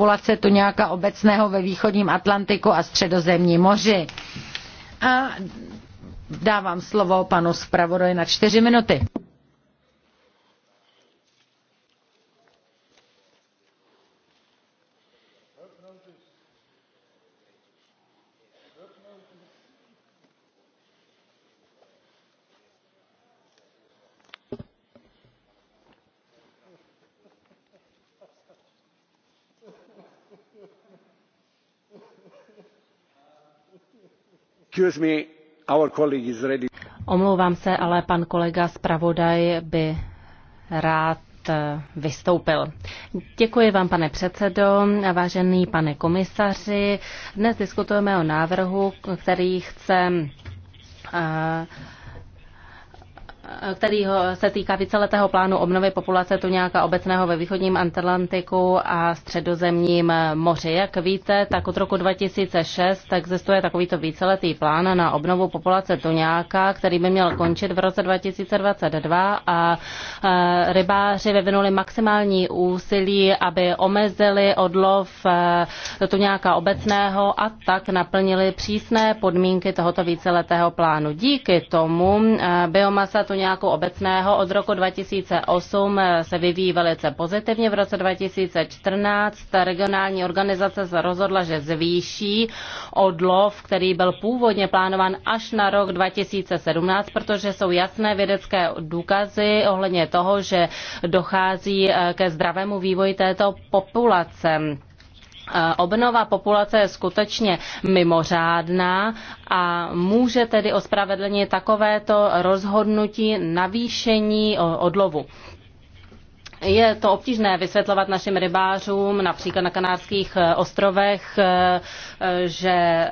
populace tuňáka obecného ve východním Atlantiku a středozemní moři. A dávám slovo panu zpravodaji na čtyři minuty. Omlouvám se, ale pan kolega zpravodaj by rád eh, vystoupil. Děkuji vám, pane předsedo, vážený pane komisaři. Dnes diskutujeme o návrhu, který chce uh, který se týká víceletého plánu obnovy populace tuňáka obecného ve východním Atlantiku a středozemním moři. Jak víte, tak od roku 2006 existuje takovýto víceletý plán na obnovu populace tuňáka, který by měl končit v roce 2022 a e, rybáři vyvinuli maximální úsilí, aby omezili odlov e, tuňáka obecného a tak naplnili přísné podmínky tohoto víceletého plánu. Díky tomu e, biomasa tuňáka jako obecného od roku 2008 eh, se vyvíjí velice pozitivně. V roce 2014 regionální organizace se rozhodla, že zvýší odlov, který byl původně plánovan až na rok 2017, protože jsou jasné vědecké důkazy ohledně toho, že dochází eh, ke zdravému vývoji této populace. Eh, obnova populace je skutečně mimořádná a může tedy ospravedlnit takovéto rozhodnutí navýšení eh, odlovu. Je to obtížné vysvětlovat našim rybářům, například na Kanárských eh, ostrovech, že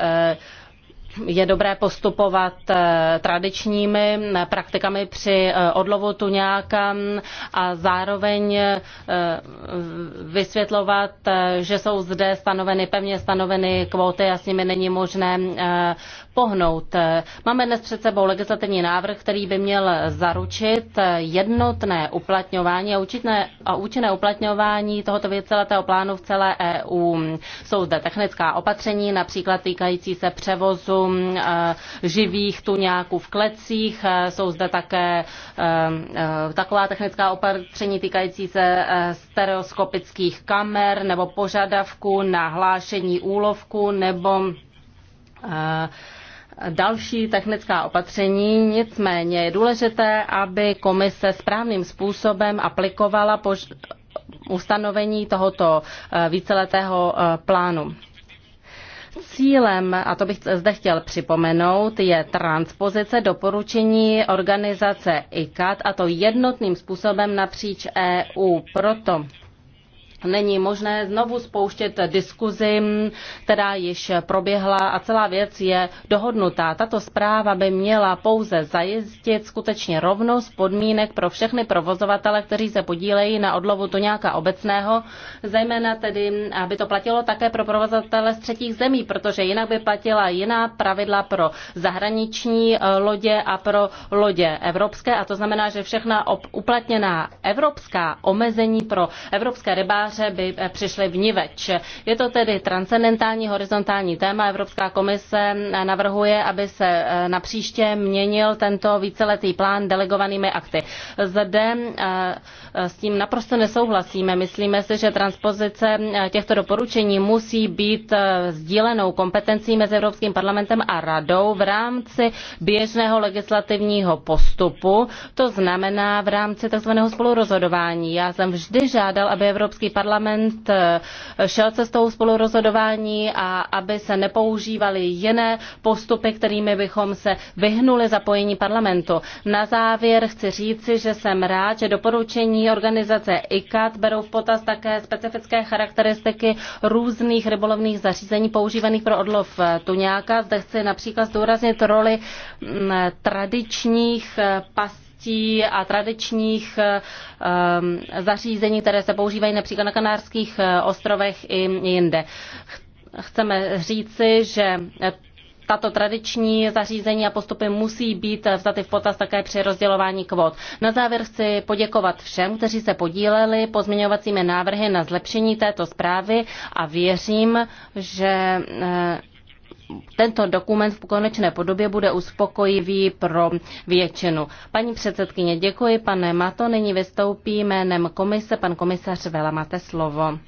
je dobré postupovat eh, tradičními eh, praktikami při eh, odlovu tuňáka mm, a zároveň vysvětlovat, že jsou zde stanoveny, pevně stanoveny kvóty a s nimi není možné pohnout. Máme dnes před sebou legislativní návrh, který by měl zaručit jednotné uplatňování a, účinné, a účinné uplatňování tohoto věceletého plánu v celé EU. Jsou zde technická opatření, například týkající se převozu eh, živých tuňáků v klecích. Eh, jsou zde také eh, taková technická opatření týkající se stereoskopických kamer nebo požadavku na hlášení úlovku nebo uh, další technická opatření, nicméně je důležité, aby komise správným způsobem aplikovala pož- ustanovení tohoto eh, víceletého eh, plánu. Cílem, a to bych zde chtěl připomenout, je transpozice doporučení organizace ICAT a to jednotným způsobem napříč EU. Proto není možné znovu spouštět diskuzi, která již proběhla a celá věc je dohodnutá. Tato zpráva by měla pouze zajistit skutečně rovnost podmínek pro všechny provozovatele, kteří se podílejí na odlovu nějaká obecného, zejména tedy, aby to platilo také pro provozovatele z třetích zemí, protože jinak by platila jiná pravidla pro zahraniční eh, lodě a pro lodě evropské a to znamená, že všechna uplatněná evropská omezení pro evropské rybáře komentáře by eh, přišly vniveč. Je to tedy transcendentální horizontální téma. Evropská komise eh, navrhuje, aby se eh, na příště měnil tento víceletý plán delegovanými akty. Zde s tím naprosto nesouhlasíme. Myslíme si, že transpozice těchto doporučení musí být sdílenou kompetencí mezi Evropským parlamentem a radou v rámci běžného legislativního postupu, to znamená v rámci tzv. spolurozhodování. Já jsem vždy žádal, aby Evropský parlament eh, šel cestou spolurozhodování a aby se nepoužívaly jiné postupy, kterými bychom se vyhnuli zapojení parlamentu. Na závěr chci říci, že jsem rád, že doporučení organizace ICAT berou v potaz také specifické charakteristiky různých rybolovných zařízení používaných pro odlov eh, tuňáka. Zde chci například zdůraznit roli mm, tradičních eh, pasů starostí a tradičních eh, eh, zařízení, které se používají například na Kanárských eh, ostrovech i jinde. Chceme říci, že tato tradiční zařízení a postupy musí být vzaty v potaz také při rozdělování kvot. Na závěr chci poděkovat všem, kteří se podíleli pozměňovacími návrhy na zlepšení této zprávy a věřím, že tento dokument v konečné podobě bude uspokojivý pro většinu. Paní předsedkyně, děkuji. Pane Mato, nyní vystoupí jménem komise. Pan komisař Vela, máte slovo.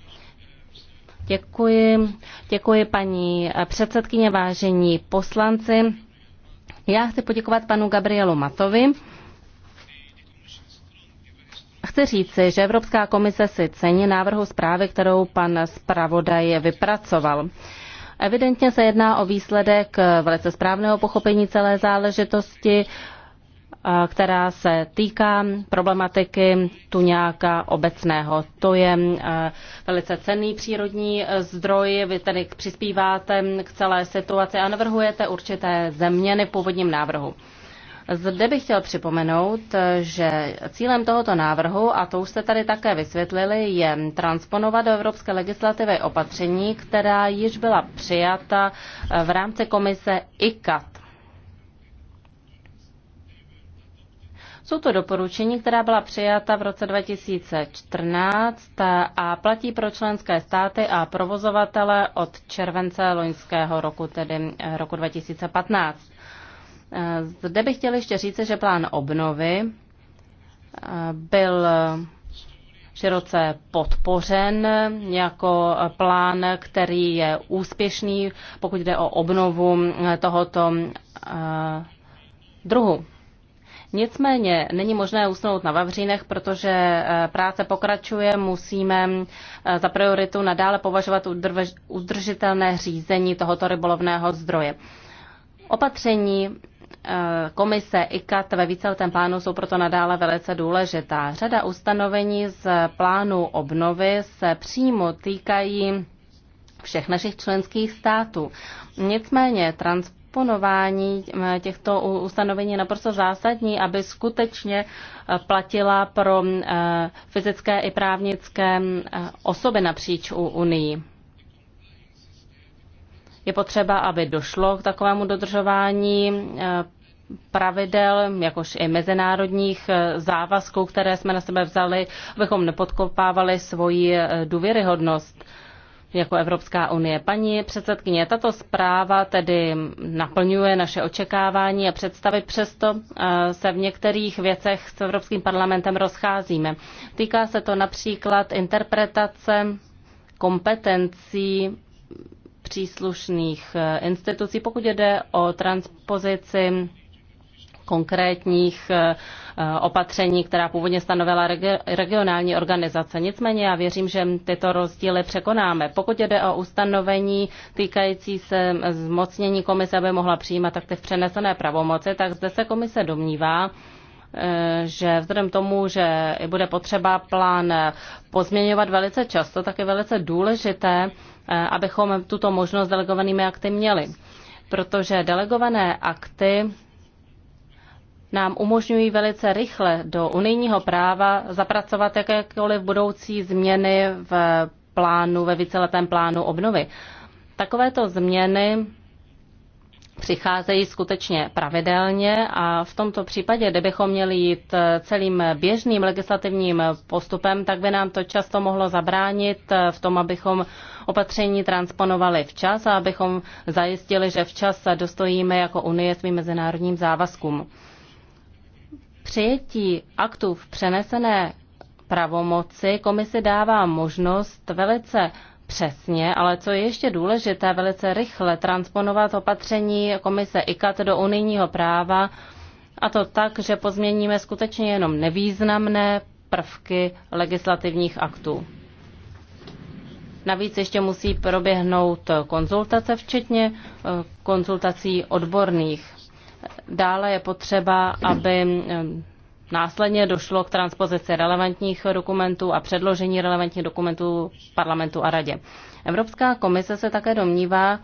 Děkuji. Děkuji paní předsedkyně, vážení poslanci. Já chci poděkovat panu Gabrielu Matovi. Chci říci, že Evropská komise si cení návrhu zprávy, kterou pan zpravodaj vypracoval. Evidentně se jedná o výsledek eh, velice správného pochopení celé záležitosti, eh, která se týká problematiky tuňáka obecného. To je eh, velice cenný přírodní zdroj, vy tedy přispíváte k celé situaci a navrhujete určité změny v původním návrhu. Zde bych chtěl připomenout, že cílem tohoto návrhu, a to už jste tady také vysvětlili, je transponovat do evropské legislativy opatření, která již byla přijata v rámci komise ICAT. Jsou to doporučení, která byla přijata v roce 2014 a platí pro členské státy a provozovatele od července loňského roku, tedy roku 2015. Eh, zde bych chtěl ještě říct, že plán obnovy eh, byl široce podpořen jako plán, který je úspěšný, pokud jde o obnovu eh, tohoto druhu. Nicméně není možné usnout na Vavřínech, protože práce pokračuje. Musíme za prioritu nadále považovat udržitelné řízení tohoto rybolovného zdroje. Opatření Eh, komise ICAT ve víceletém plánu jsou proto nadále velice důležitá. Řada ustanovení z plánu obnovy se přímo týkají všech našich členských států. Nicméně transponování eh, těchto ustanovení je naprosto zásadní, aby skutečně eh, platila pro fyzické i právnické osoby napříč u Unii. Je potřeba, aby došlo k takovému dodržování eh, pravidel, jakož i mezinárodních eh, závazků, které jsme na sebe vzali, abychom nepodkopávali svoji eh, důvěryhodnost jako Evropská unie. Paní předsedkyně, tato zpráva tedy naplňuje naše očekávání a představy, přesto se v některých věcech s Evropským parlamentem rozcházíme. Týká se to například interpretace kompetencí příslušných eh, institucí, pokud jde o transpozici konkrétních eh, eh, opatření, která původně stanovila regionální organizace. Nicméně já věřím, že tyto rozdíly překonáme. Pokud jde o ustanovení týkající se zmocnění komise, aby mohla přijímat tak ty v přenesené pravomoci, tak zde se komise domnívá, že vzhledem tomu, že bude potřeba plán pozměňovat velice často, tak je velice důležité, eh, abychom tuto možnost delegovanými akty měli. Protože delegované akty nám umožňují velice rychle do unijního práva zapracovat jakékoliv budoucí změny v plánu, ve víceletém plánu obnovy. Takovéto změny přicházejí skutečně pravidelně a v tomto případě, kdybychom měli jít eh, celým běžným legislativním postupem, tak by nám to často mohlo zabránit eh, v tom, abychom opatření transponovali včas a abychom zajistili, že včas dostojíme jako Unie svým mezinárodním závazkům. Přijetí aktů v přenesené pravomoci komisi dává možnost velice přesně, ale co je ještě důležité, velice rychle transponovat opatření komise ICAT do unijního práva a to tak, že pozměníme skutečně jenom nevýznamné prvky legislativních aktů. Navíc ještě musí proběhnout konzultace, včetně eh, konzultací odborných. Dále je potřeba, aby eh, Následně došlo k transpozici relevantních dokumentů a předložení relevantních dokumentů parlamentu a radě. Evropská komise se také domnívá,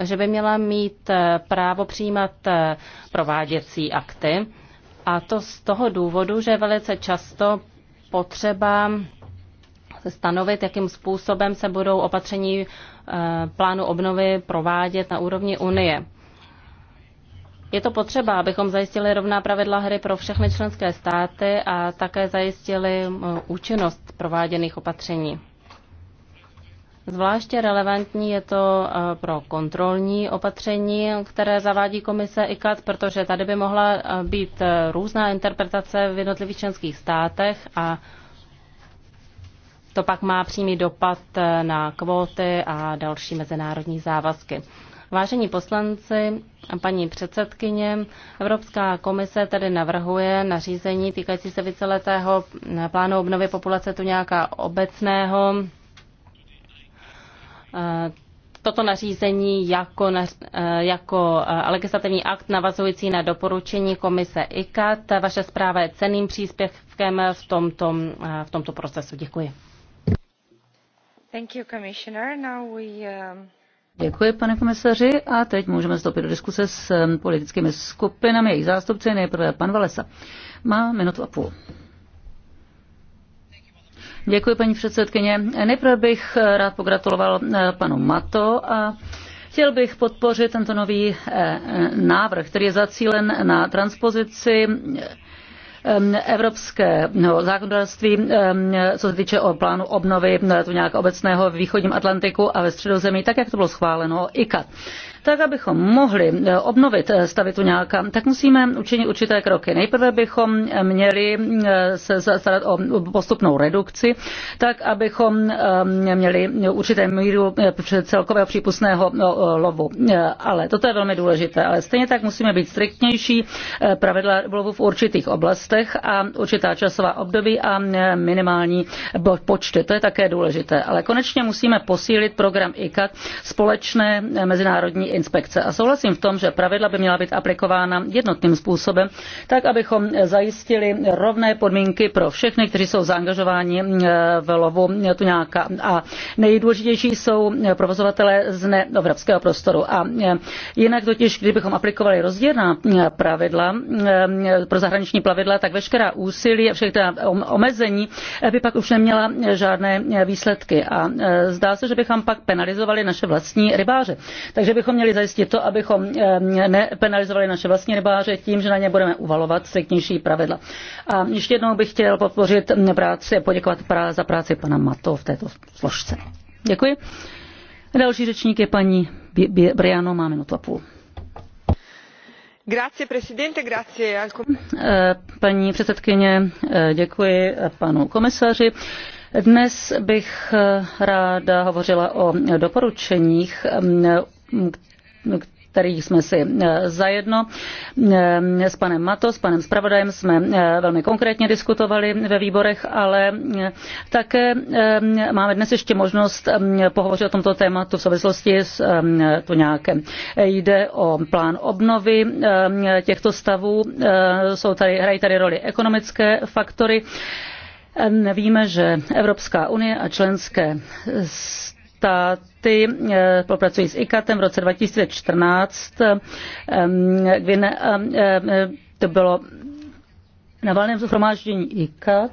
že by měla mít eh, právo přijímat eh, prováděcí akty, a to z toho důvodu, že velice často potřeba stanovit, jakým způsobem se budou opatření eh, plánu obnovy provádět na úrovni Unie. Je to potřeba, abychom zajistili rovná pravidla hry pro všechny členské státy a také zajistili eh, účinnost prováděných opatření. Zvláště relevantní je to eh, pro kontrolní opatření, které zavádí komise ICAT, protože tady by mohla eh, být různá interpretace v jednotlivých členských státech a to pak má přímý dopad na kvóty a další mezinárodní závazky. Vážení poslanci, paní předsedkyně, Evropská komise tedy navrhuje nařízení týkající se víceletého plánu obnovy populace tu nějaká obecného. Eh, toto nařízení jako, eh, jako eh, legislativní akt navazující na doporučení komise ICAT. Vaše zpráva je ceným příspěvkem v tomto, v tomto procesu. Děkuji. Thank you, Commissioner. Now we, um... Děkuji, pane komisaři. A teď můžeme vstoupit do diskuse s um, politickými skupinami, jejich zástupci, nejprve pan Valesa. Má minutu a půl. Děkuji, paní předsedkyně. Nejprve bych eh, rád pogratuloval eh, panu Mato a Chtěl bych podpořit tento nový eh, návrh, který je zacílen na transpozici evropského no, zákonodárství, co se týče o plánu obnovy no, to nějak obecného v východním Atlantiku a ve středozemí, tak jak to bylo schváleno ICA tak abychom mohli eh, obnovit eh, stavitu nějaká, tak musíme učinit určité kroky. Nejprve bychom eh, měli se starat o postupnou redukci, tak abychom měli určité míru celkového přípustného lovu. Ale toto je velmi důležité. Ale stejně tak musíme být striktnější pravidla lovu v určitých oblastech a určitá časová období a minimální počty. To je také důležité. Ale konečně musíme posílit program Ikat společné mezinárodní inspekce. A souhlasím v tom, že pravidla by měla být aplikována jednotným způsobem, tak abychom zajistili rovné podmínky pro všechny, kteří jsou zaangažováni eh, v lovu tuňáka. A nejdůležitější jsou eh, provozovatelé z neevropského prostoru. A eh, jinak totiž, kdybychom aplikovali rozdílná pravidla pro zahraniční plavidla, tak veškerá úsilí a všechna omezení by pak už neměla žádné výsledky. A zdá se, že bychom pak penalizovali naše vlastní rybáře. Takže bychom měli měli zajistit to, abychom nepenalizovali naše vlastní rybáře tím, že na ně budeme uvalovat striktnější pravidla. A ještě jednou bych chtěl podpořit práci, poděkovat za práci pana Mato v této složce. Děkuji. Další řečník je paní Briano, má minutu a půl. Grazie, grazie. E, paní předsedkyně, e, děkuji panu komisaři. Dnes bych e, ráda hovořila o doporučeních, kterých jsme si eh, zajedno. Eh, s panem Mato, s panem Spravodajem jsme eh, velmi konkrétně diskutovali ve výborech, ale také máme dnes ještě možnost pohovořit o tomto tématu v souvislosti s nějaké. Jde o plán obnovy těchto stavů, jsou tady, hrají tady roli ekonomické faktory. Víme, že Evropská unie a členské státy eh, spolupracují s ICATem v roce 2014, ehm, eh, eh, to bylo na valném zhromáždění ICAT.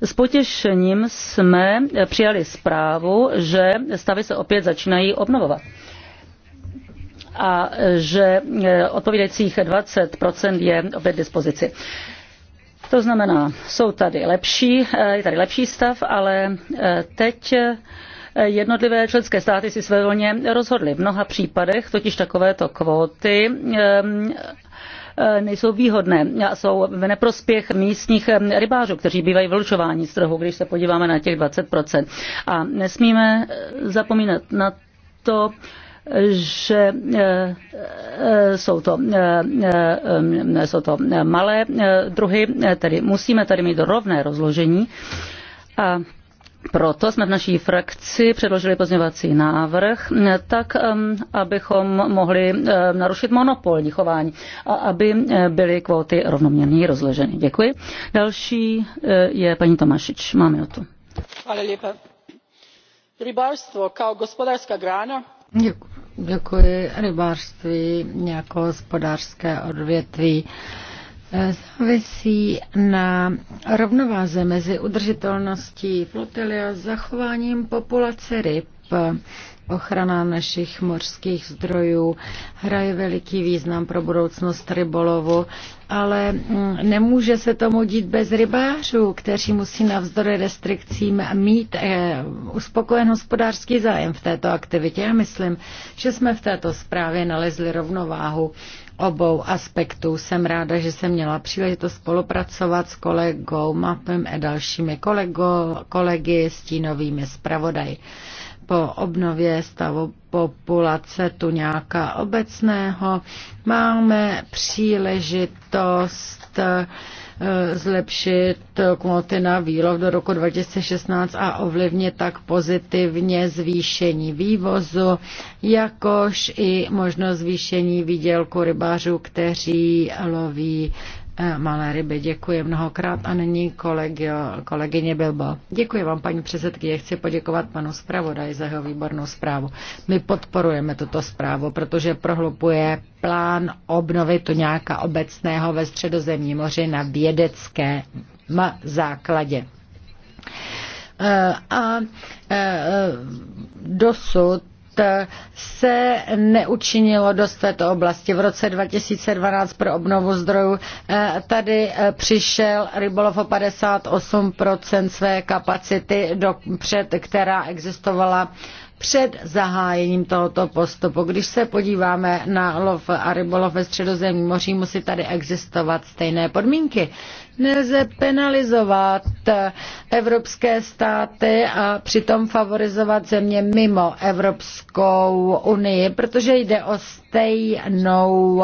S potěšením jsme přijali zprávu, že stavy se opět začínají obnovovat a že odpovídajících 20 je opět dispozici. To znamená, jsou tady lepší, je tady lepší stav, ale teď jednotlivé členské státy si svévolně rozhodly. V mnoha případech totiž takovéto kvóty nejsou výhodné a jsou v neprospěch místních rybářů, kteří bývají vylučováni z trhu, když se podíváme na těch 20%. A nesmíme zapomínat na to, že eh, jsou to, eh, eh, jsou to malé druhy, tedy musíme tady mít rovné rozložení. A proto jsme v naší frakci předložili pozměňovací návrh, tak abychom mohli narušit monopolní chování a aby byly kvóty rovnoměrně rozloženy. Děkuji. Další eh, je paní Tomašič. Má minutu. Rybářstvo jako hospodářská grána. Děkuji. Rybářství jako hospodářské odvětví závisí na rovnováze mezi udržitelností flotily a zachováním populace ryb ochrana našich mořských zdrojů hraje veliký význam pro budoucnost rybolovu, ale mm, nemůže se tomu dít bez rybářů, kteří musí navzdory restrikcím mít eh, uspokojen hospodářský zájem v této aktivitě. Já myslím, že jsme v této zprávě nalezli rovnováhu obou aspektů. Jsem ráda, že jsem měla příležitost spolupracovat s kolegou Mapem a dalšími kolego, kolegy, stínovými zpravodaji po obnově stavu populace tuňáka obecného máme příležitost eh, zlepšit kvóty na výlov do roku 2016 a ovlivnit tak pozitivně zvýšení vývozu, jakož i možnost zvýšení výdělku rybářů, kteří loví Eh, malé ryby. Děkuji mnohokrát a nyní kolegio, kolegyně Bilbo. Děkuji vám, paní předsedkyně. Chci poděkovat panu zpravodaji za jeho výbornou zprávu. My podporujeme tuto zprávu, protože prohlupuje plán obnovy to nějaká obecného ve středozemní moři na vědeckém základě. Eh, a eh, dosud se neučinilo dost v této oblasti. V roce 2012 pro obnovu zdrojů eh, tady eh, přišel rybolov o 58 své kapacity, do, před, která existovala před zahájením tohoto postupu. Když se podíváme na lov a rybolov ve středozemním moří, musí tady existovat stejné podmínky. Nelze penalizovat evropské státy a přitom favorizovat země mimo Evropskou unii, protože jde o stejnou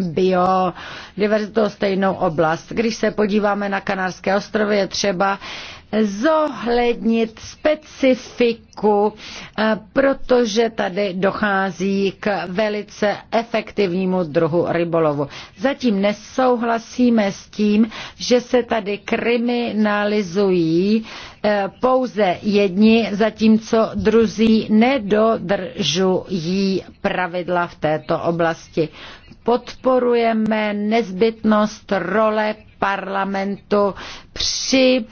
biodiverzitu, stejnou oblast. Když se podíváme na Kanárské ostrovy, je třeba zohlednit specifiku, eh, protože tady dochází k velice efektivnímu druhu rybolovu. Zatím nesouhlasíme s tím, že se tady kriminalizují eh, pouze jedni, zatímco druzí nedodržují pravidla v této oblasti podporujeme nezbytnost role parlamentu při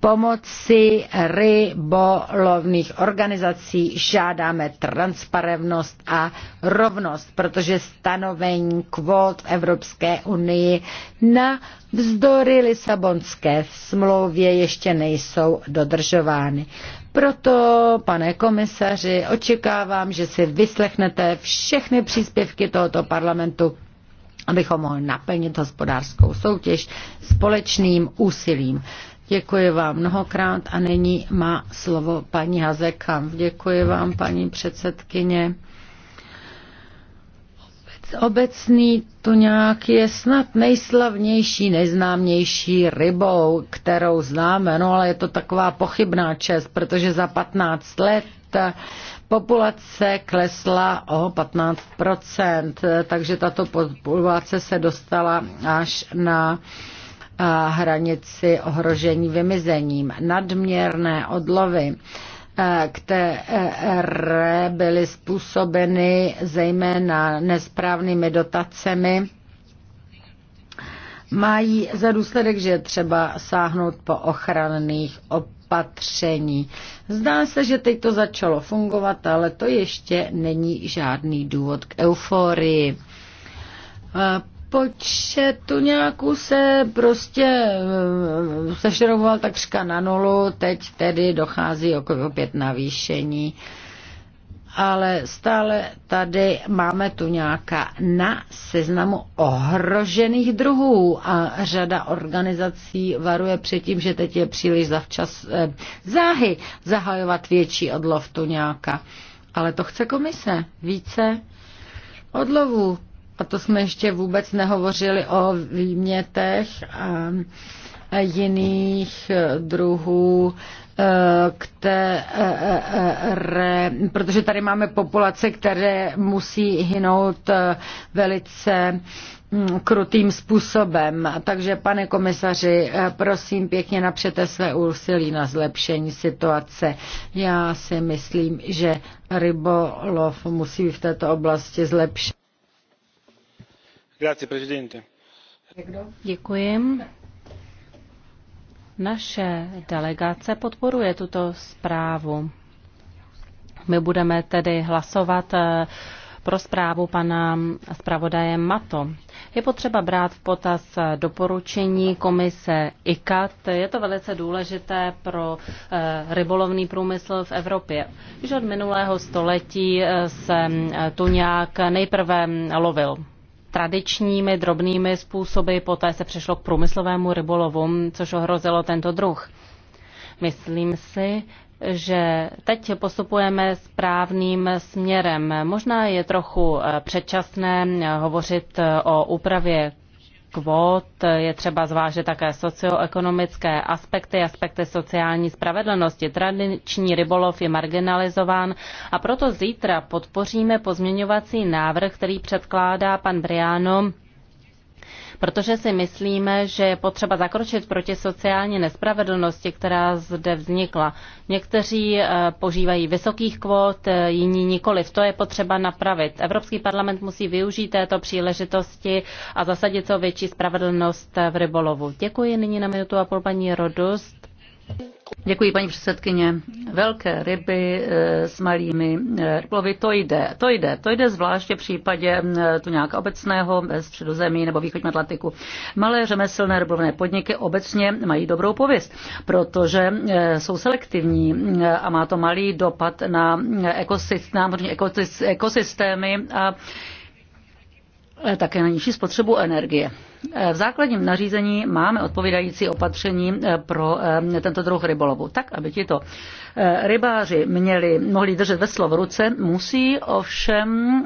pomoci rybolovných organizací žádáme transparentnost a rovnost, protože stanovení kvót v Evropské unii na vzdory Lisabonské smlouvě ještě nejsou dodržovány. Proto, pane komisaři, očekávám, že si vyslechnete všechny příspěvky tohoto parlamentu, abychom mohli naplnit hospodářskou soutěž společným úsilím. Děkuji vám mnohokrát a nyní má slovo paní Hazekam. Děkuji vám, paní předsedkyně. Obecný nějak je snad nejslavnější, nejznámější rybou, kterou známe, no ale je to taková pochybná čest, protože za 15 let populace klesla o 15%, takže tato populace se dostala až na eh, hranici ohrožení vymizením. Nadměrné odlovy které byly způsobeny zejména nesprávnými dotacemi, mají za důsledek, že třeba sáhnout po ochranných opatření. Zdá se, že teď to začalo fungovat, ale to ještě není žádný důvod k euforii počet nějakou se prostě eh, sešroboval takřka na nulu, teď tedy dochází okolo opět navýšení ale stále tady máme tu nějaká na seznamu ohrožených druhů a řada organizací varuje před tím, že teď je příliš zavčas eh, záhy zahajovat větší odlov tu nějaká. Ale to chce komise, více odlovů. A to jsme ještě vůbec nehovořili o výmětech a jiných druhů, které, protože tady máme populace, které musí hynout velice krutým způsobem. Takže, pane komisaři, prosím pěkně napřete své úsilí na zlepšení situace. Já si myslím, že rybolov musí v této oblasti zlepšit. Děkuji. Naše delegace podporuje tuto zprávu. My budeme tedy hlasovat eh, pro zprávu pana zpravodaje Mato. Je potřeba brát v potaz doporučení komise ICAT. Je to velice důležité pro eh, rybolovný průmysl v Evropě. Už od minulého století eh, se tuňák nejprve lovil tradičními drobnými způsoby, poté se přešlo k průmyslovému rybolovu, což ohrozilo tento druh. Myslím si, že teď postupujeme správným směrem. Možná je trochu eh, předčasné eh, hovořit eh, o úpravě kvót je třeba zvážit také socioekonomické aspekty, aspekty sociální spravedlnosti. Tradiční rybolov je marginalizován a proto zítra podpoříme pozměňovací návrh, který předkládá pan Briano protože si myslíme, že je potřeba zakročit proti sociální nespravedlnosti, která zde vznikla. Někteří eh, požívají vysokých kvót, eh, jiní nikoliv. To je potřeba napravit. Evropský parlament musí využít této příležitosti a zasadit co větší spravedlnost eh, v rybolovu. Děkuji nyní na minutu a půl paní Rodus. Děkuji, paní předsedkyně. Velké ryby eh, s malými eh, rybolovy, to jde, to jde, to jde zvláště v případě eh, tu nějak obecného ve středozemí nebo východní Atlantiku. Malé řemeslné ryblovné podniky obecně mají dobrou pověst, protože jsou selektivní a má to malý dopad na ekosystémy a také na nižší spotřebu energie. V základním nařízení máme odpovídající opatření eh, pro eh, tento druh rybolovu. Tak, aby tito eh, rybáři měli, mohli držet veslo v ruce, musí ovšem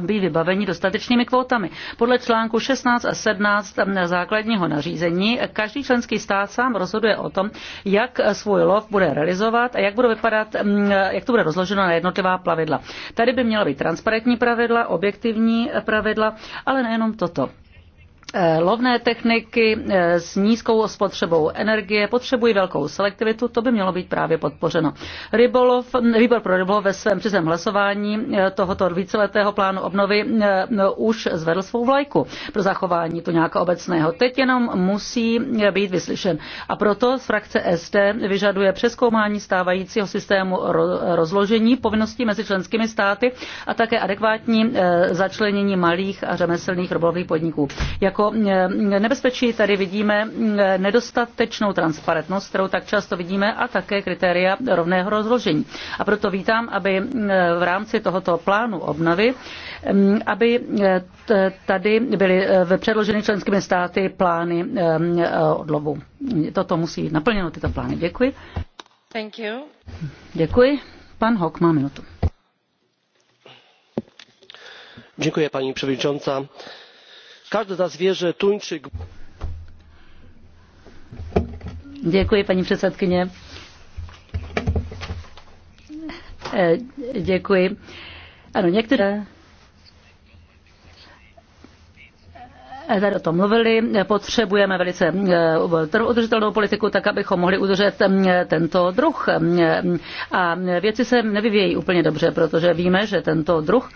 být vybaveni dostatečnými kvótami. Podle článku 16 a 17 základního nařízení každý členský stát sám rozhoduje o tom, jak svůj lov bude realizovat a jak, bude vypadat, mm, jak to bude rozloženo na jednotlivá plavidla. Tady by měla být transparentní pravidla, objektivní pravidla, ale nejenom toto. Eh, lovné techniky eh, s nízkou spotřebou energie potřebují velkou selektivitu, to by mělo být právě podpořeno. Rybolov, hm, výbor pro rybolov ve svém přizem hlasování eh, tohoto víceletého plánu obnovy už zvedl svou vlajku pro zachování tu nějakého obecného. Teď jenom musí být vyslyšen. A proto z frakce SD vyžaduje přeskoumání stávajícího systému rozložení povinností mezi členskými státy a také adekvátní začlenění malých a řemeslných rybolových podniků. Jako jako nebezpečí tady vidíme nedostatečnou transparentnost, kterou tak často vidíme, a také kritéria rovného rozložení. A proto vítám, aby v rámci tohoto plánu obnovy, aby e, tady byly e, předloženy členskými státy plány e, odlovu. Toto musí být naplněno, tyto plány. Děkuji. Thank you. Děkuji. Pan Hock má minutu. Dziękuję Pani předsedající każde za zwierzę tuńczyk. Děkuji, paní předsedkyně. E, děkuji. Ano, některé tady o tom mluvili, potřebujeme velice e, udržitelnou politiku, tak abychom mohli udržet tento druh. A věci se nevyvíjejí úplně dobře, protože víme, že tento druh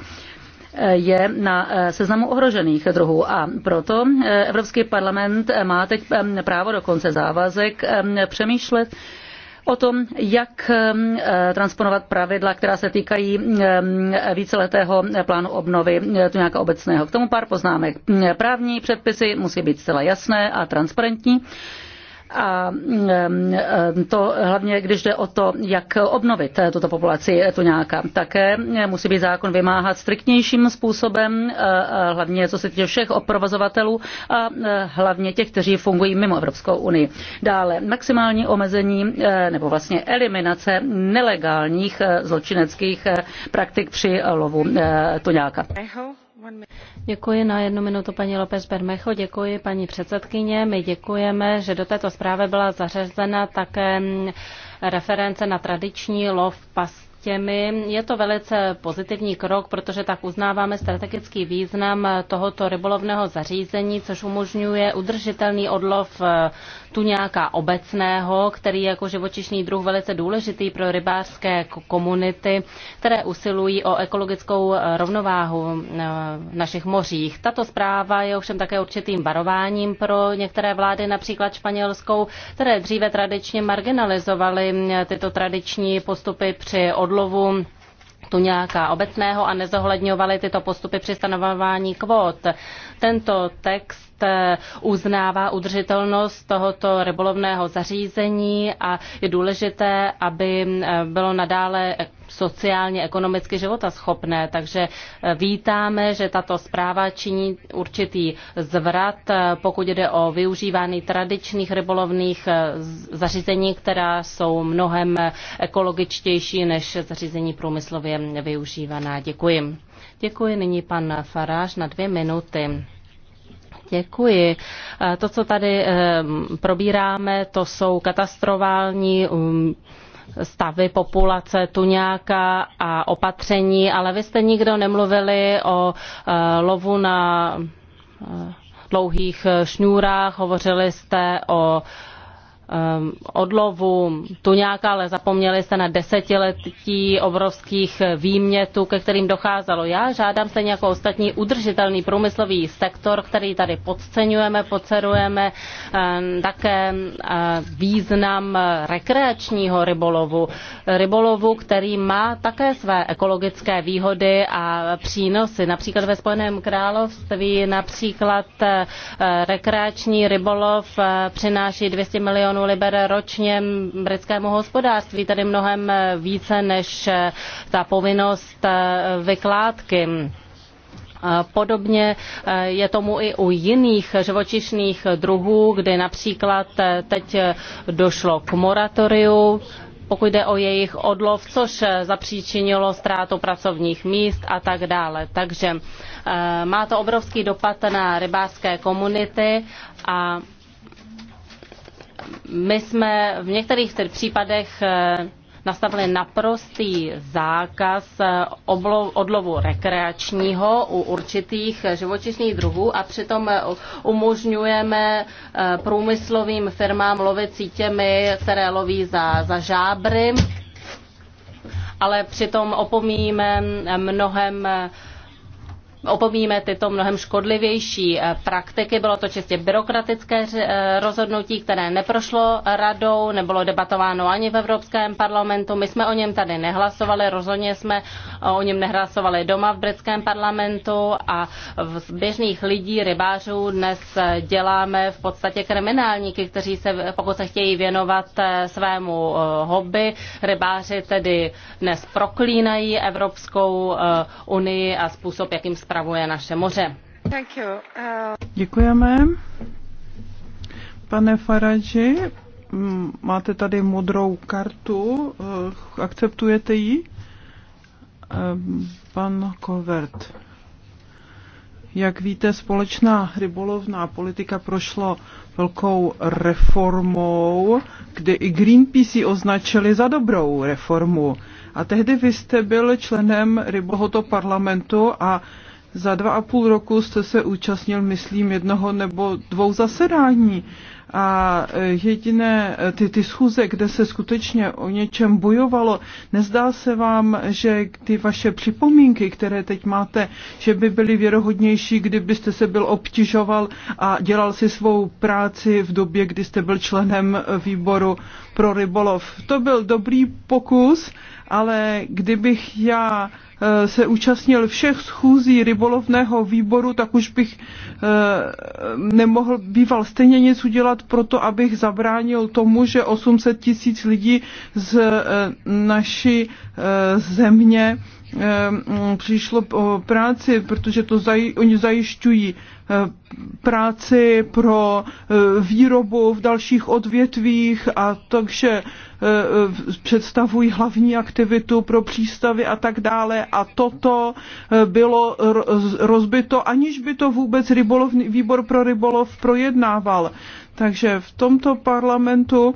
je na eh, seznamu ohrožených druhů a proto eh, Evropský parlament eh, má teď právo dokonce závazek přemýšlet o tom, jak transponovat pravidla, která se týkají víceletého plánu obnovy, tu nějak obecného. K tomu pár poznámek. Právní předpisy musí být zcela jasné a transparentní a mm, mm, mm, to hlavně, když jde o to, jak obnovit tuto populaci tuňáka. Také musí být zákon vymáhat striktnějším způsobem, eh, eh, hlavně co se týče všech oprovozovatelů a eh, hlavně těch, kteří fungují mimo Evropskou unii. Dále maximální omezení nebo vlastně eliminace nelegálních zločineckých praktik při lovu tuňáka. Eho. Děkuji na jednu minutu paní López Bermecho, děkuji paní předsedkyně. My děkujeme, že do této zprávy byla zařazena také mm, reference na tradiční lov pas. těmi. Je to velice pozitivní krok, protože tak uznáváme strategický význam tohoto rybolovného zařízení, což umožňuje udržitelný odlov tu nějaká obecného, který je jako živočišný druh velice důležitý pro rybářské komunity, které usilují o ekologickou eh, rovnováhu eh, v našich mořích. Tato zpráva je ovšem také určitým varováním pro některé vlády, například španělskou, které dříve tradičně marginalizovaly eh, tyto tradiční postupy při odlovu tu nějaká obecného a nezohledňovali tyto postupy při stanovování kvót. Tento text Eh, uznává udržitelnost tohoto rybolovného zařízení a je důležité, aby eh, bylo nadále sociálně, ekonomicky života schopné. Takže eh, vítáme, že tato zpráva činí určitý zvrat, pokud jde o využívání tradičních rybolovných zařízení, která jsou mnohem ekologičtější než zařízení průmyslově využívaná. Děkuji. Děkuji nyní pan Faráš na dvě minuty. Děkuji. Eh, to, co tady eh, probíráme, to jsou katastrofální um, stavy populace tuňáka a opatření, ale vy jste nikdo nemluvili o eh, lovu na dlouhých šňůrách, hovořili jste o Um, odlovu tuňáka, ale zapomněli jste na desetiletí obrovských výmětů, ke kterým docházelo. Já žádám stejně jako ostatní udržitelný průmyslový sektor, který tady podceňujeme, podcerujeme um, také uh, význam rekreačního rybolovu. Rybolovu, který má také své ekologické výhody a přínosy. Například ve Spojeném království například uh, rekreační rybolov uh, přináší 200 milionů milionů liber ročně britskému hospodářství, tedy mnohem více než ta povinnost vykládky. Podobně je tomu i u jiných živočišných druhů, kdy například teď došlo k moratoriu, pokud jde o jejich odlov, což zapříčinilo ztrátu pracovních míst a tak dále. Takže eh, má to obrovský dopad na rybářské komunity a my jsme v některých případech eh, nastavili naprostý zákaz eh, odlovu rekreačního u určitých živočišných druhů a přitom eh, umožňujeme průmyslovým firmám lovit sítěmi, které loví za, za žábry, ale přitom opomíjíme mnohem opomíme tyto mnohem škodlivější eh, praktiky. Bylo to čistě byrokratické eh, rozhodnutí, které neprošlo radou, nebylo debatováno ani v Evropském parlamentu. My jsme o něm tady nehlasovali, rozhodně jsme o něm nehlasovali doma v britském parlamentu a z běžných lidí, rybářů dnes eh, děláme v podstatě kriminálníky, kteří se, pokud se chtějí věnovat svému hobby, rybáři tedy dnes proklínají Evropskou unii a způsob, jakým spravuje naše moře. Uh, Děkujeme. Pane Faradži, máte tady modrou kartu, eh, akceptujete ji? Eh, pan Kovert. Jak víte, společná rybolovná politika prošla velkou reformou, kde i Greenpeace ji označili za dobrou reformu. A tehdy vy jste byl členem rybohoto parlamentu a za dva a půl roku jste se účastnil, myslím, jednoho nebo dvou zasedání a jediné ty, ty schůze, kde se skutečně o něčem bojovalo, nezdá se vám, že ty vaše připomínky, které teď máte, že by byly věrohodnější, kdybyste se byl obtěžoval a dělal si svou práci v době, kdy jste byl členem výboru pro rybolov. To byl dobrý pokus, ale kdybych já eh, se účastnil všech schůzí rybolovného výboru, tak už bych eh, nemohl býval stejně nic udělat pro to, abych zabránil tomu, že 800 tisíc lidí z eh, naší eh, země eh, přišlo o práci, protože to zaji, oni zajišťují práci pro eh, výrobu v dalších odvětvích a takže eh, představují hlavní aktivitu pro přístavy a tak dále a toto eh, bylo rozbito, aniž by to vůbec rybolov, výbor pro rybolov projednával. Takže v tomto parlamentu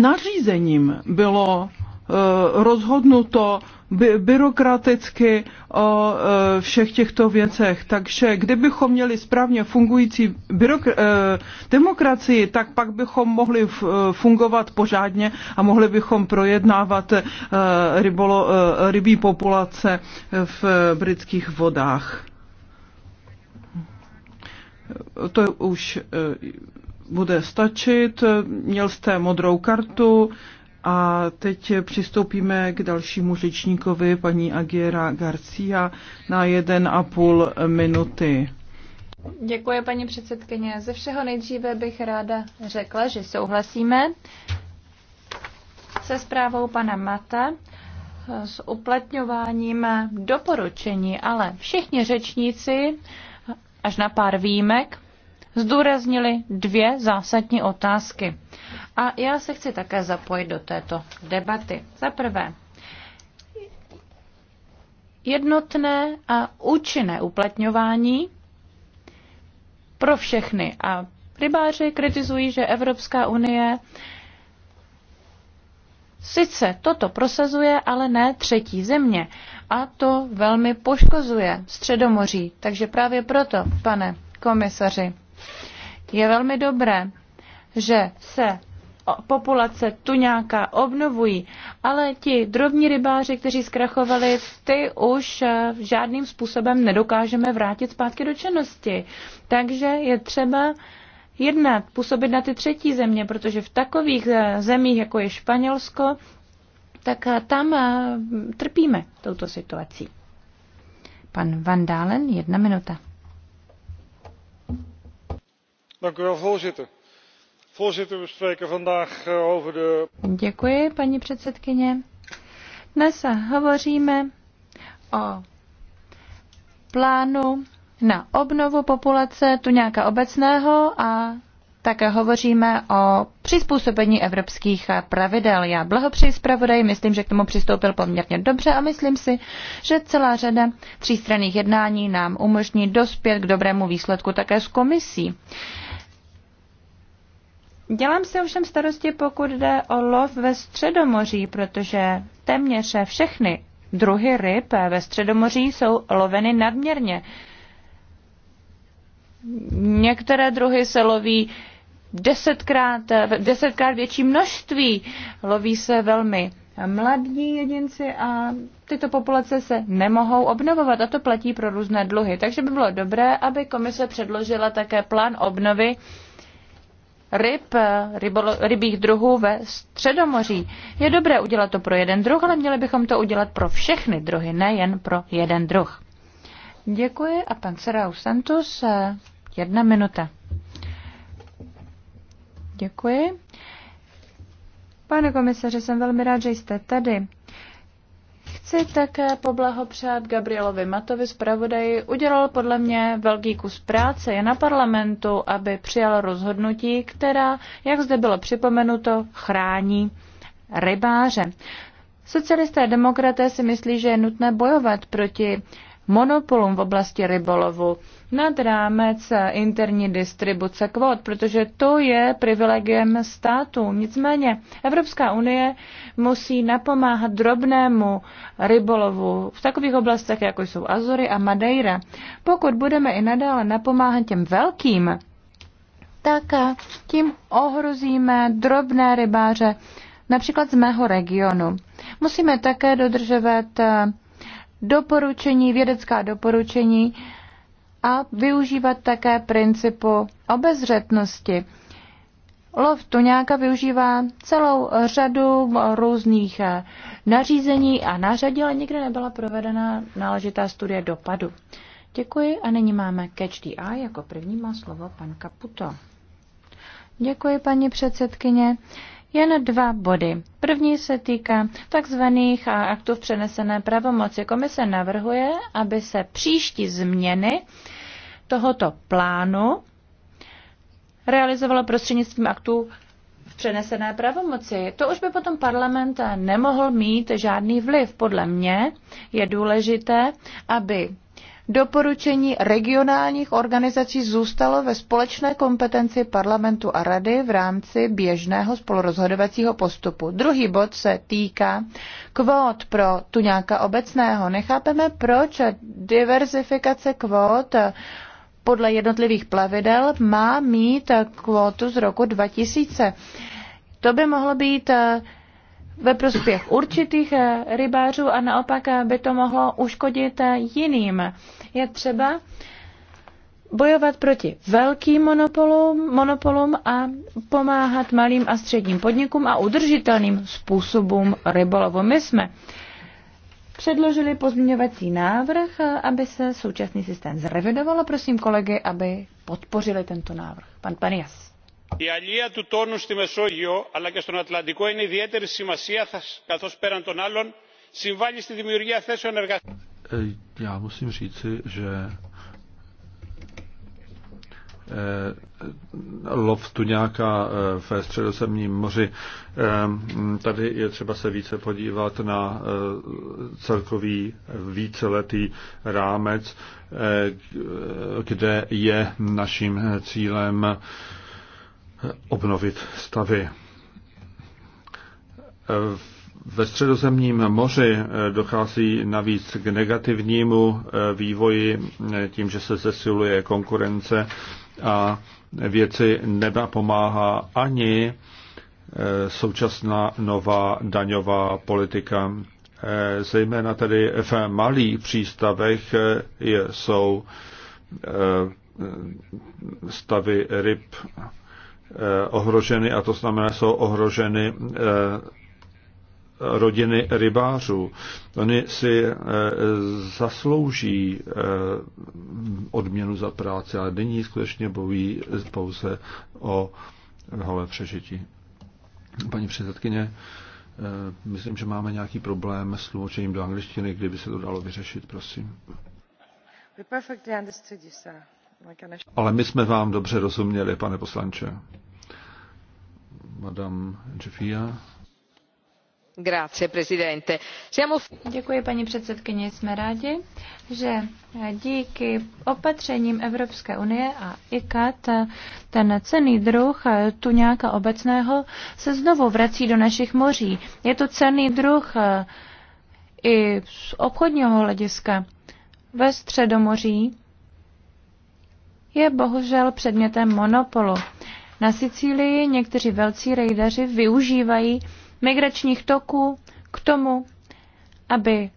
nařízením bylo Eh, rozhodnuto by, byrokraticky o eh, všech těchto věcech. Takže kdybychom měli správně fungující byrok- eh, demokracii, tak pak bychom mohli fungovat pořádně a mohli bychom projednávat rybolo, rybí populace v britských vodách. To už bude stačit. Měl jste modrou kartu. A teď přistoupíme k dalšímu řečníkovi, paní Agiera Garcia, na 1,5 minuty. Děkuji, paní předsedkyně. Ze všeho nejdříve bych ráda řekla, že souhlasíme se zprávou pana Mata s uplatňováním doporučení, ale všichni řečníci, až na pár výjimek, zdůraznili dvě zásadní otázky. A já se chci také zapojit do této debaty. Za prvé, jednotné a účinné uplatňování pro všechny. A rybáři kritizují, že Evropská unie sice toto prosazuje, ale ne třetí země. A to velmi poškozuje Středomoří. Takže právě proto, pane komisaři, je velmi dobré, že se populace tuňáka obnovují, ale ti drobní rybáři, kteří zkrachovali, ty už eh, žádným způsobem nedokážeme vrátit zpátky do činnosti. Takže je třeba jednat, působit na ty třetí země, protože v takových eh, zemích, jako je Španělsko, tak eh, tam trpíme touto situací. Pan Van Dalen, jedna minuta. Dank u wel, voorzitter Voorzitter, we spreken vandaag eh, over de... Děkuji, paní předsedkyně. Dnes hovoříme o plánu na obnovu populace tuňáka obecného a také hovoříme o přizpůsobení evropských pravidel. Já blahopřeji zpravodaj, myslím, že k tomu přistoupil poměrně dobře a myslím si, že celá řada třístranných jednání nám umožní dospět k dobrému výsledku také s komisí. Dělám si ovšem starosti, pokud jde o lov ve Středomoří, protože téměř všechny druhy ryb ve Středomoří jsou loveny nadměrně. Některé druhy se loví desetkrát, desetkrát větší množství. Loví se velmi mladí jedinci a tyto populace se nemohou obnovovat a to platí pro různé dluhy. Takže by bylo dobré, aby komise předložila také plán obnovy ryb, rybolo, rybích druhů ve Středomoří. Je dobré udělat to pro jeden druh, ale měli bychom to udělat pro všechny druhy, nejen pro jeden druh. Děkuji a pan Serau Santos, eh, jedna minuta. Děkuji. Pane komisaře, jsem velmi rád, že jste tady. Chci také poblahopřát Gabrielovi Matovi Pravodaji. Udělal podle mě velký kus práce. Je na parlamentu, aby přijal rozhodnutí, která, jak zde bylo připomenuto, chrání rybáře. Socialisté a demokraté si myslí, že je nutné bojovat proti monopolům v oblasti rybolovu nad rámec interní distribuce kvót, protože to je privilegiem státu. Nicméně Evropská unie musí napomáhat drobnému rybolovu v takových oblastech, jako jsou Azory a Madeira. Pokud budeme i nadále napomáhat těm velkým, tak tím ohrozíme drobné rybáře, například z mého regionu. Musíme také dodržovat doporučení, vědecká doporučení a využívat také principu obezřetnosti. Lov tuňáka využívá celou řadu různých eh, nařízení a nářadí, ale nikdy nebyla provedena náležitá studie dopadu. Děkuji a nyní máme Catch the Eye. Jako první má slovo pan Kaputo. Děkuji, paní předsedkyně jen dva body. První se týká takzvaných aktů v přenesené pravomoci. Komise navrhuje, aby se příští změny tohoto plánu realizovalo prostřednictvím aktů v přenesené pravomoci. To už by potom parlament nemohl mít žádný vliv. Podle mě je důležité, aby doporučení regionálních organizací zůstalo ve společné kompetenci parlamentu a rady v rámci běžného spolurozhodovacího postupu. Druhý bod se týká kvót pro tuňáka obecného. Nechápeme, proč diverzifikace kvót podle jednotlivých plavidel má mít kvótu z roku 2000. To by mohlo být ve prospěch určitých eh, rybářů a naopak eh, by to mohlo uškodit eh, jiným. Je třeba bojovat proti velkým monopolům, monopolům a pomáhat malým a středním podnikům a udržitelným způsobům rybolovu. My jsme předložili pozměňovací návrh, aby se současný systém zrevidoval a prosím kolegy, aby podpořili tento návrh. Pan Panias η αλληλεία του τόνου στη μεσόγειο αλλά και στον ατλαντικό είναι ιδιαίτερη σημασία καθώ πέραν των άλλων συμβάλλει στη δημιουργία θέσεων εργασίας. Já musím říci, že lov tuňáka ve středozemním moři. Tady je třeba se více podívat na celkový víceletý rámec, kde je naším cílem obnovit stavy. Ve středozemním moři dochází navíc k negativnímu vývoji tím, že se zesiluje konkurence a věci nenapomáhá ani eh, současná nová daňová politika. Eh, zejména tedy v malých přístavech eh, jsou stavy ryb Eh, ohroženy, a to znamená, jsou ohroženy eh, rodiny rybářů. Oni si eh, zaslouží odměnu za práci, ale nyní skutečně boví pouze o holé přežití. Paní předsedkyně, myslím, že máme nějaký problém s tlumočením do angličtiny, kdyby se to dalo vyřešit, prosím. We perfectly understood you, sir. Ale my jsme vám dobře rozuměli, pane poslanče. Madame Jeffia. Děkuji, paní předsedkyně jsme rádi že díky opatřením evropské unie a iccat ten cený druh tuňáka obecného se znovu vrací do našich moří. je to cený druh eh, i z obchodního hlediska. ve středomoří je bohužel předmětem monopolu. Na Sicílii někteří velcí rejdaři využívají migračních toků k tomu, aby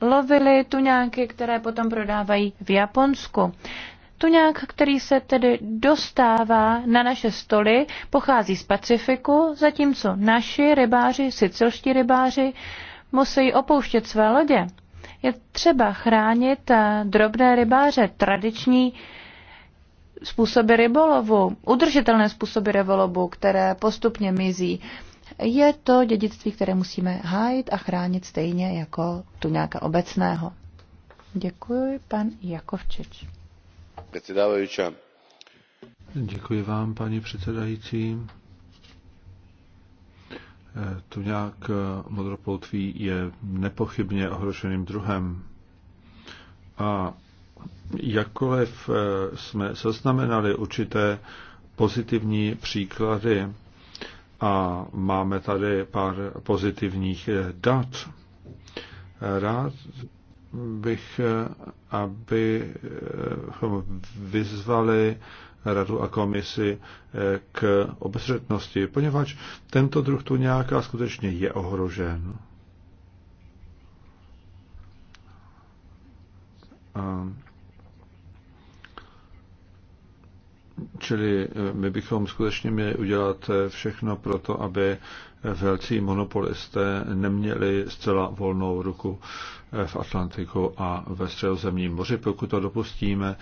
lovili tuňáky, které potom prodávají v Japonsku. Tuňák, který se tedy dostává na naše stoly, pochází z Pacifiku, zatímco naši rybáři, sicilští rybáři, musí opouštět své lodě. Je třeba chránit eh, drobné rybáře, tradiční způsoby rybolovu, udržitelné způsoby rybolovu, které postupně mizí. Je to dědictví, které musíme hájit a chránit stejně jako tu nějaká obecného. Děkuji, pan Jakovčič. Předsedávající. Děkuji vám, paní předsedající. nějak modroploutví je nepochybně ohroženým druhem. A jakkoliv eh, jsme zaznamenali určité pozitivní příklady a máme tady pár pozitivních eh, dat, rád bych, eh, aby vyzvali radu a komisi k obezřetnosti, poněvadž tento druh tu nějaká skutečně je ohrožen. A Čili eh, my bychom skutečně měli udělat eh, všechno pro to, aby eh, velcí monopolisté neměli zcela volnou ruku v Atlantiku a ve středozemním moři. Pokud to dopustíme,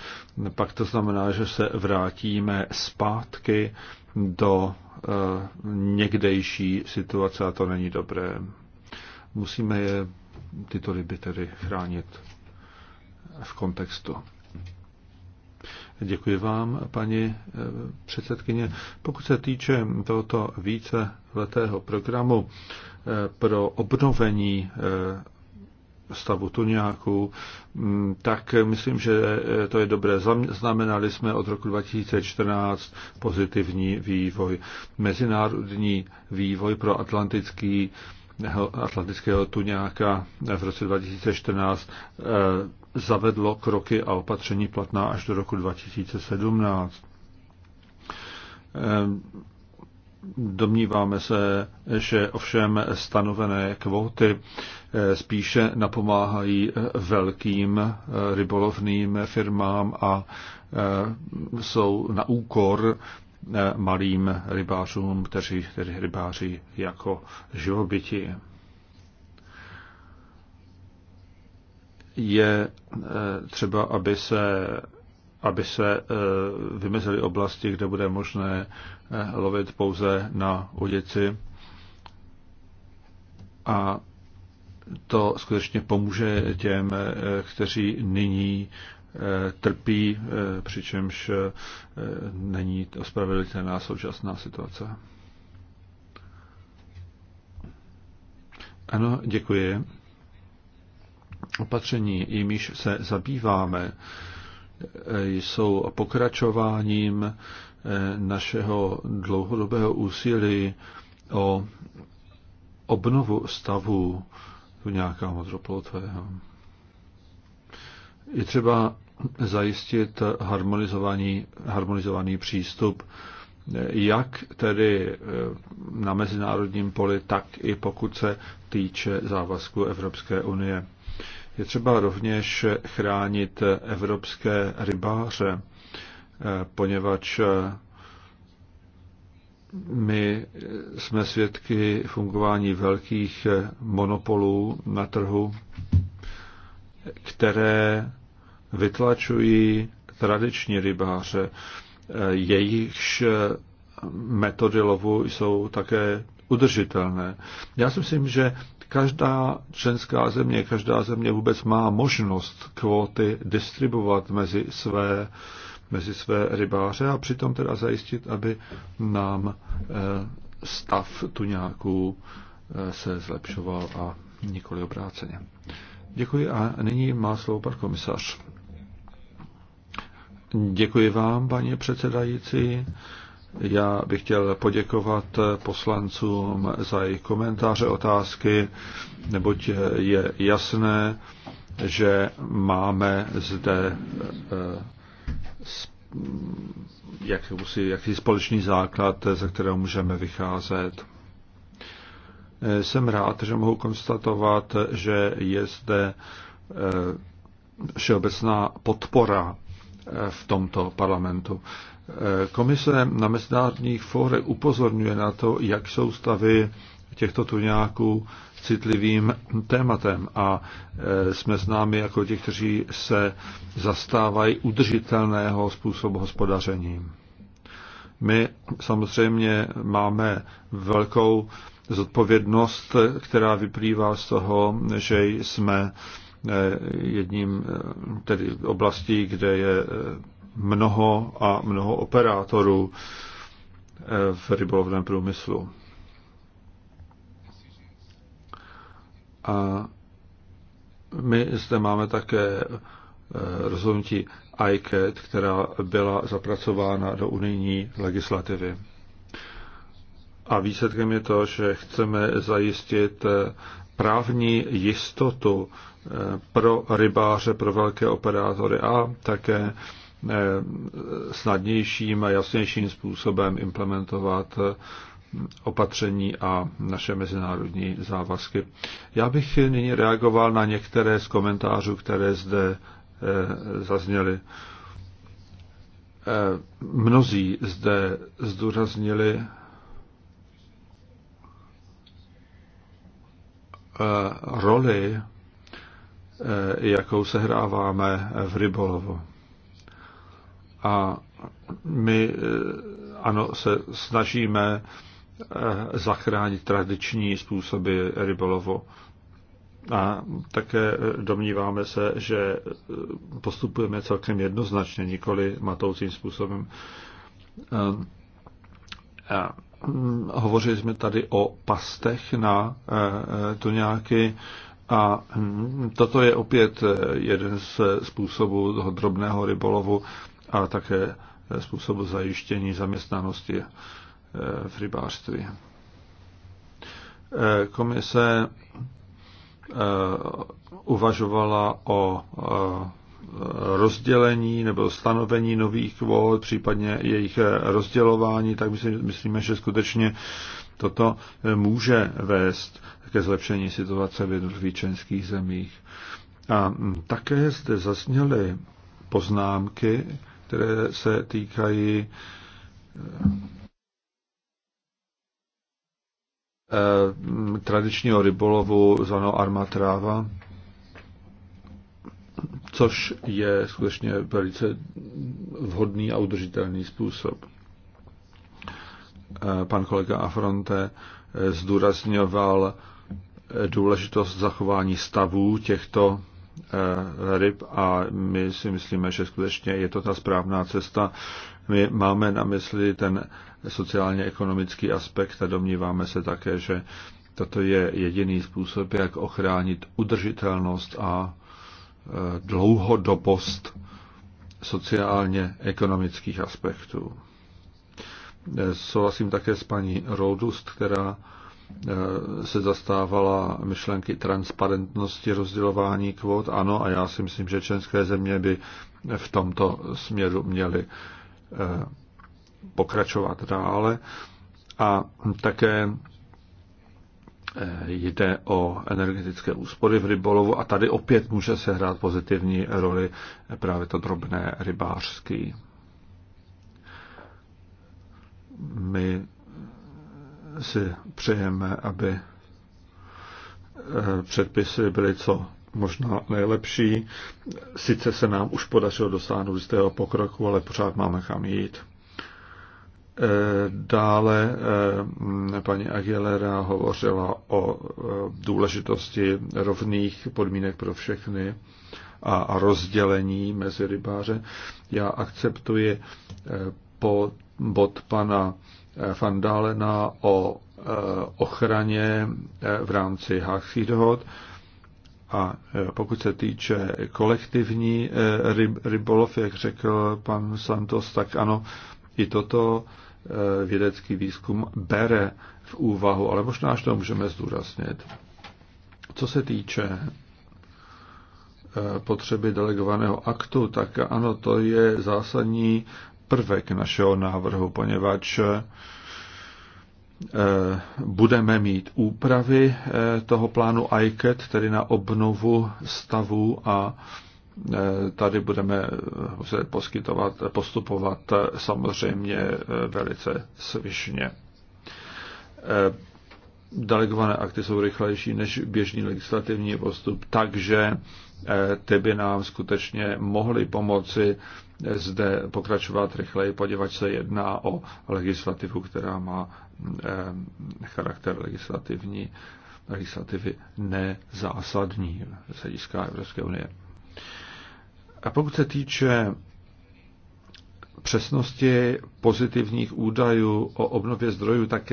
pak to znamená, že se vrátíme zpátky do někdejší situace a to není dobré. Musíme je tyto ryby tedy chránit v kontextu. Děkuji vám, paní eh, předsedkyně. Pokud se týče tohoto letého programu eh, pro obnovení eh, stavu tuňáků, mm, tak myslím, že to je dobré. Znamenali jsme od roku 2014 pozitivní vývoj. Mezinárodní vývoj pro atlantický atlantického tuňáka v roce 2014 zavedlo kroky a opatření platná až do roku 2017. Ehm, domníváme se, že ovšem stanovené kvóty eh, spíše napomáhají eh, velkým eh, rybolovným firmám a jsou na úkor malým rybářům, kteří, kteří rybáří jako živobytí. je eh, třeba, aby se, aby se eh, vymezily oblasti, kde bude možné eh, lovit pouze na oděci. A to skutečně pomůže těm, kteří nyní trpí, přičemž není ospravedlitelná současná situace. Ano, děkuji opatření, jimiž se zabýváme, eh, jsou pokračováním eh, našeho dlouhodobého úsilí o obnovu stavu v nějaká modroplotvého. Je třeba zajistit harmonizovaný, harmonizovaný přístup eh, jak tedy na mezinárodním poli, tak i pokud se týče závazku Evropské unie. Je třeba rovněž chránit evropské rybáře, eh, poněvadž eh, my jsme svědky fungování velkých eh, monopolů na trhu, které vytlačují tradiční rybáře. Jejichž metody lovu jsou také udržitelné. Já si myslím, že Každá členská země, každá země vůbec má možnost kvóty distribuovat mezi své, mezi své rybáře a přitom teda zajistit, aby nám eh, stav tuňáků eh, se zlepšoval a nikoli obráceně. Děkuji a nyní má slovo pan komisař. Děkuji vám, paní předsedající. Já bych chtěl poděkovat poslancům za jejich komentáře, otázky, neboť je jasné, že máme zde eh, jakýsi, jakýsi společný základ, ze kterého můžeme vycházet. Eh, jsem rád, že mohu konstatovat, že je zde eh, všeobecná podpora v tomto parlamentu. Komise na mezinárodních fórech upozorňuje na to, jak jsou stavy těchto tuňáků citlivým tématem a e, jsme známi jako těch, kteří se zastávají udržitelného způsobu hospodaření. My samozřejmě máme velkou zodpovědnost, která vyplývá z toho, že jsme e, jedním e, tedy oblastí, kde je mnoho a mnoho operátorů eh, v rybolovném průmyslu. A my zde máme také eh, rozhodnutí ICAT, která byla zapracována do unijní legislativy. A výsledkem je to, že chceme zajistit eh, právní jistotu pro rybáře, pro velké operátory a také Eh, snadnějším a jasnějším způsobem implementovat eh, opatření a naše mezinárodní závazky. Já bych nyní reagoval na některé z komentářů, které zde eh, zazněly. Mnozí zde zdůraznili roli, jakou sehráváme v rybolovu. A my eh, ano, se snažíme eh, zachránit tradiční způsoby rybolovu. A také eh, domníváme se, že postupujeme celkem jednoznačně, nikoli matoucím způsobem. A hm, hovořili jsme tady o pastech na tuňáky a hm, toto je opět jeden z způsobů toho drobného rybolovu, a také způsobu zajištění zaměstnanosti eh, v rybářství. Eh, komise eh, uvažovala o rozdělení nebo stanovení nových kvót, případně jejich rozdělování, tak si myslíme, že skutečně toto může vést ke zlepšení situace v jednotlivých členských zemích. A také zde zazněly poznámky, které se týkají eh, tradičního rybolovu zvaného armatráva, což je skutečně velice vhodný a udržitelný způsob. Eh, pan kolega Afronte eh, zdůrazňoval důležitost zachování stavů těchto Eh, ryb a my si myslíme, že skutečně je to ta správná cesta. My máme na mysli ten sociálně-ekonomický aspekt a domníváme se také, že toto je jediný způsob, jak ochránit udržitelnost a eh, dlouhodobost sociálně-ekonomických aspektů. Eh, souhlasím také s paní Roudust, která Eh, se zastávala myšlenky transparentnosti rozdělování kvót. Ano, a já si myslím, že členské země by v tomto směru měly eh, pokračovat dále. A také eh, jde o energetické úspory v rybolovu a tady opět může se hrát pozitivní roli právě to drobné rybářský. My si přejeme, aby eh, předpisy byly co možná nejlepší. Sice se nám už podařilo dosáhnout z tého pokroku, ale pořád máme kam jít. Eh, dále eh, paní Aguilera hovořila o důležitosti rovných podmínek pro všechny a rozdělení mezi rybáře. Já akceptuji bod pana van Dálena o eh, ochraně eh, v rámci Hákských dohod. A eh, pokud se týče kolektivní rybolov, jak řekl pan Santos, tak ano, i toto vědecký výzkum bere v úvahu, ale možná až to můžeme zdůraznit. Co se týče potřeby delegovaného aktu, tak ano, to je zásadní prvek našeho návrhu, poněvadž eh, budeme mít úpravy eh, toho plánu ICAT, tedy na obnovu stavu a eh, tady budeme poskytovat, postupovat samozřejmě velice svišně. Delegované akty jsou rychlejší než běžný legislativní postup, takže ty by nám skutečně mohly pomoci zde pokračovat rychleji, poněvadž se jedná o legislativu, která má eh, charakter legislativní, legislativy nezásadní z hlediska Evropské unie. A pokud se týče přesnosti pozitivních údajů o obnově zdrojů, tak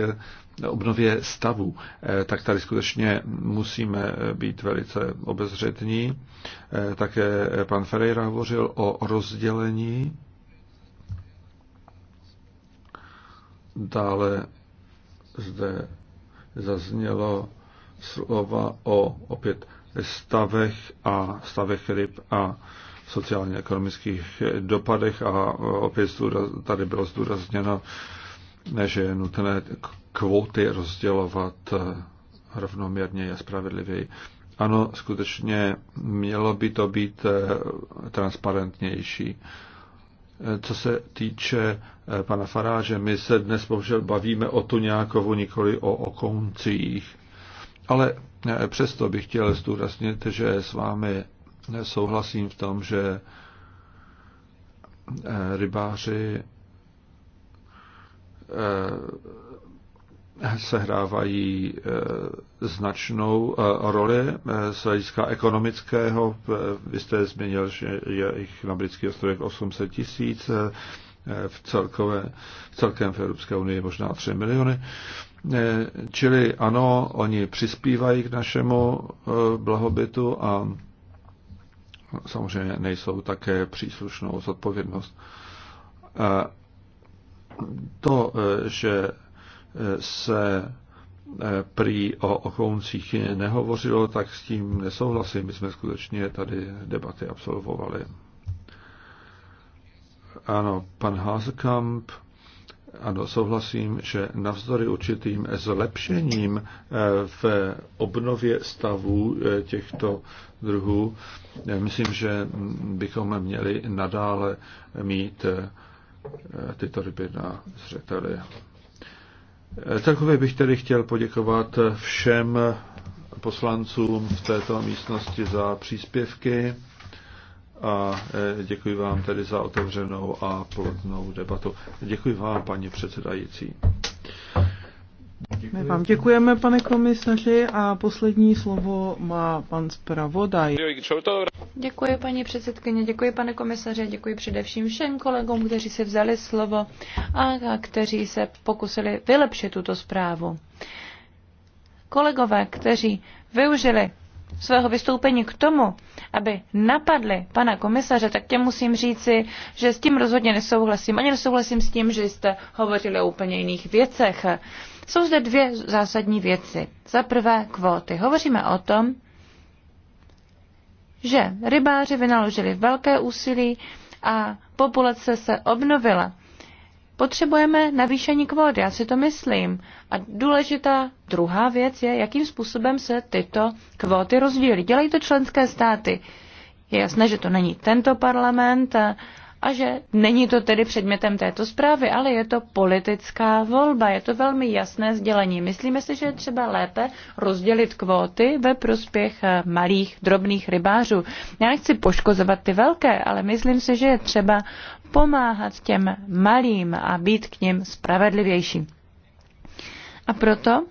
obnově stavu, eh, tak tady skutečně musíme eh, být velice obezřetní. Eh, také pan Ferreira hovořil o rozdělení. Dále zde zaznělo slova o opět stavech a stavech ryb a sociálně-ekonomických dopadech a opět tady bylo zdůrazněno, že je nutné kvóty rozdělovat eh, rovnoměrně a spravedlivěji. Ano, skutečně mělo by to být eh, transparentnější. Eh, co se týče pana Faráže, my se dnes bohužel bavíme o Tuňákovu, nikoli o Okoncích. Ale přesto bych chtěl zdůraznit, že s vámi souhlasím v tom, že eh, rybáři eh, sehrávají eh, značnou roli z hlediska ekonomického. Vy jste zmínil, že je jich na britských ostrovech 800 tisíc, v, celkové, v celkem v Evropské unii možná 3 miliony. Čili ano, oni přispívají k našemu blahobytu a samozřejmě nejsou také příslušnou zodpovědnost. To, že se prý o okouncích nehovořilo, tak s tím nesouhlasím. My jsme skutečně tady debaty absolvovali. Ano, pan Hasekamp ano, souhlasím, že navzdory určitým zlepšením eh, v obnově stavů eh, těchto druhů, eh, myslím, že bychom měli nadále mít tyto ryby na zřeteli. Takové bych tedy chtěl poděkovat všem poslancům v této místnosti za příspěvky a e, děkuji vám tedy za otevřenou a plodnou debatu. Děkuji vám, paní předsedající. Děkuji. My vám děkujeme, pane komisaři, a poslední slovo má pan zpravodaj. Děkuji, paní předsedkyně, děkuji, pane komisaři, děkuji především všem kolegům, kteří si vzali slovo a kteří se pokusili vylepšit tuto zprávu. Kolegové, kteří využili svého vystoupení k tomu, aby napadli pana komisaře, tak těm musím říci, že s tím rozhodně nesouhlasím. Ani nesouhlasím s tím, že jste hovořili o úplně jiných věcech. Jsou zde dvě zásadní věci. Za prvé kvóty. Hovoříme o tom, že rybáři vynaložili velké úsilí a populace se obnovila. Potřebujeme navýšení kvót, já si to myslím. A důležitá druhá věc je, jakým způsobem se tyto kvóty rozdělí. Dělají to členské státy. Je jasné, že to není tento parlament, a že není to tedy předmětem této zprávy, ale je to politická volba. Je to velmi jasné sdělení. Myslíme si, že je třeba lépe rozdělit kvóty ve prospěch eh, malých, drobných rybářů. Já nechci poškozovat ty velké, ale myslím si, že je třeba pomáhat těm malým a být k ním spravedlivější. A proto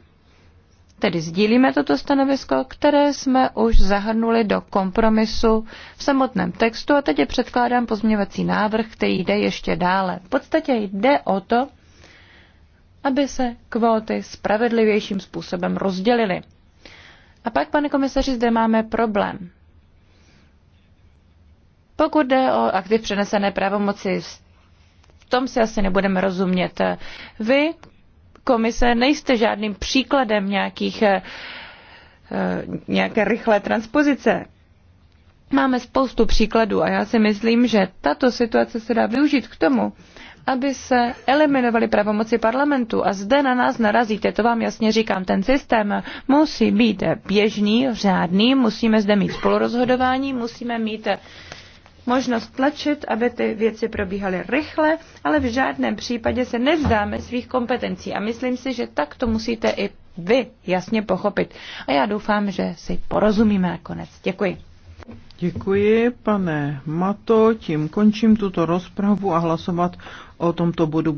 Tedy sdílíme toto stanovisko, které jsme už zahrnuli do kompromisu v samotném textu a teď je předkládám pozměňovací návrh, který jde ještě dále. V podstatě jde o to, aby se kvóty spravedlivějším způsobem rozdělily. A pak, pane komisaři, zde máme problém. Pokud jde o aktiv přenesené pravomoci, v tom si asi nebudeme rozumět. Vy, komise nejste žádným příkladem nějakých, eh, nějaké rychlé transpozice. Máme spoustu příkladů a já si myslím, že tato situace se dá využít k tomu, aby se eliminovaly pravomoci parlamentu. A zde na nás narazíte, to vám jasně říkám. Ten systém musí být běžný, řádný, musíme zde mít spolurozhodování, musíme mít možnost tlačit, aby ty věci probíhaly rychle, ale v žádném případě se nevzdáme svých kompetencí. A myslím si, že tak to musíte i vy jasně pochopit. A já doufám, že si porozumíme nakonec. Děkuji. Děkuji, pane Mato. Tím končím tuto rozpravu a hlasovat o tomto bodu.